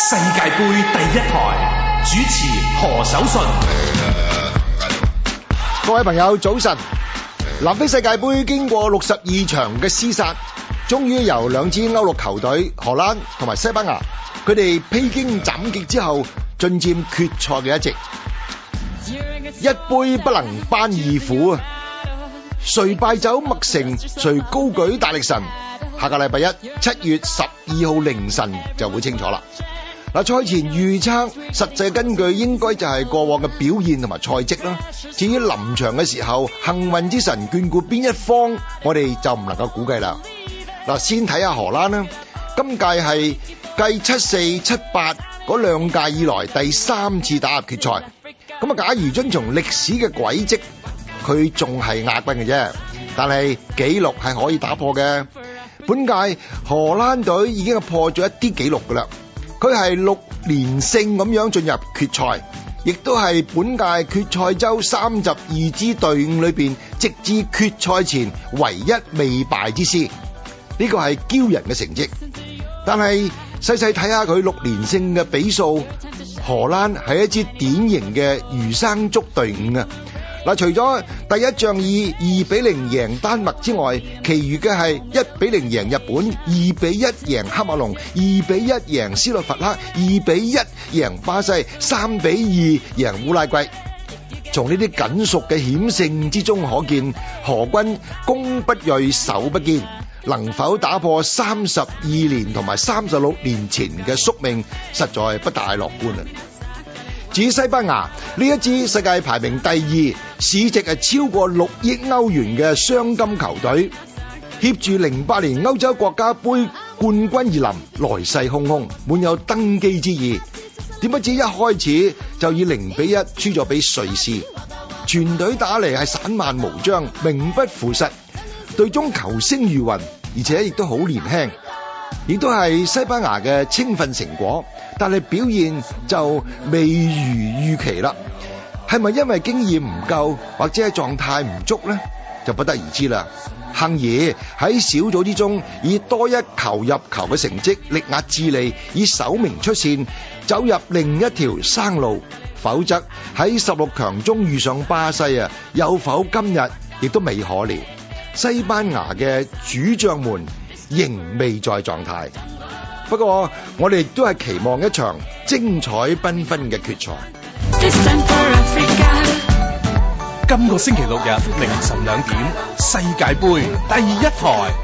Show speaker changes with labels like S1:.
S1: 世界杯第一台主持何守信，各位朋友早晨。南非世界杯經過六十二場嘅廝殺，終於由兩支歐陸球隊荷蘭同埋西班牙，佢哋披荊斬棘之後，進佔決賽嘅一席。一杯不能班二虎啊！誰敗走麥城，誰高舉大力神。下個禮拜一七月十二號凌晨就會清楚啦。嗱，賽前預測實際根據應該就係過往嘅表現同埋賽績啦。至於臨場嘅時候，幸運之神眷顧邊一方，我哋就唔能夠估計啦。嗱，先睇下荷蘭啦，今屆係繼七四、七八嗰兩屆以來第三次打入決賽。咁啊，假如遵從歷史嘅軌跡，佢仲係亞軍嘅啫。但係紀錄係可以打破嘅，本屆荷蘭隊已經破咗一啲紀錄㗎喇。佢係六連勝咁樣進入決賽，亦都係本屆決賽周三十二支隊伍裏邊，直至決賽前唯一未敗之師，呢個係驕人嘅成績。但係細細睇下佢六連勝嘅比數，荷蘭係一支典型嘅魚生粥隊伍啊！嗱，除咗第一仗以二比零贏丹麥之外，其餘嘅係一比零贏日本，二比一贏喀麥隆，二比一贏斯洛伐克，二比一贏巴西，三比二贏烏拉圭。從呢啲僅屬嘅險勝之中可見，荷軍攻不銳，守不堅，能否打破三十二年同埋三十六年前嘅宿命，實在不大樂觀啊！至西班牙呢一支世界排名第二、市值係超過六億歐元嘅雙金球隊挾住零八年歐洲國家杯冠軍而臨來勢洶洶，滿有登基之意。點不知一開始就以零比一輸咗俾瑞士，全隊打嚟係散漫無章、名不符實，隊中球星如雲，而且亦都好年輕，亦都係西班牙嘅青訓成果。但係表現就未如預期啦，係咪因為經驗唔夠或者狀態唔足呢？就不得而知啦。幸而喺小組之中以多一球入球嘅成績力壓智利，以首名出線走入另一條生路。否則喺十六強中遇上巴西啊，有否今日亦都未可料。西班牙嘅主將們仍未在狀態。不過，我哋亦都係期望一場精彩繽紛嘅決賽。今個星期六日凌晨兩點，世界盃第一台。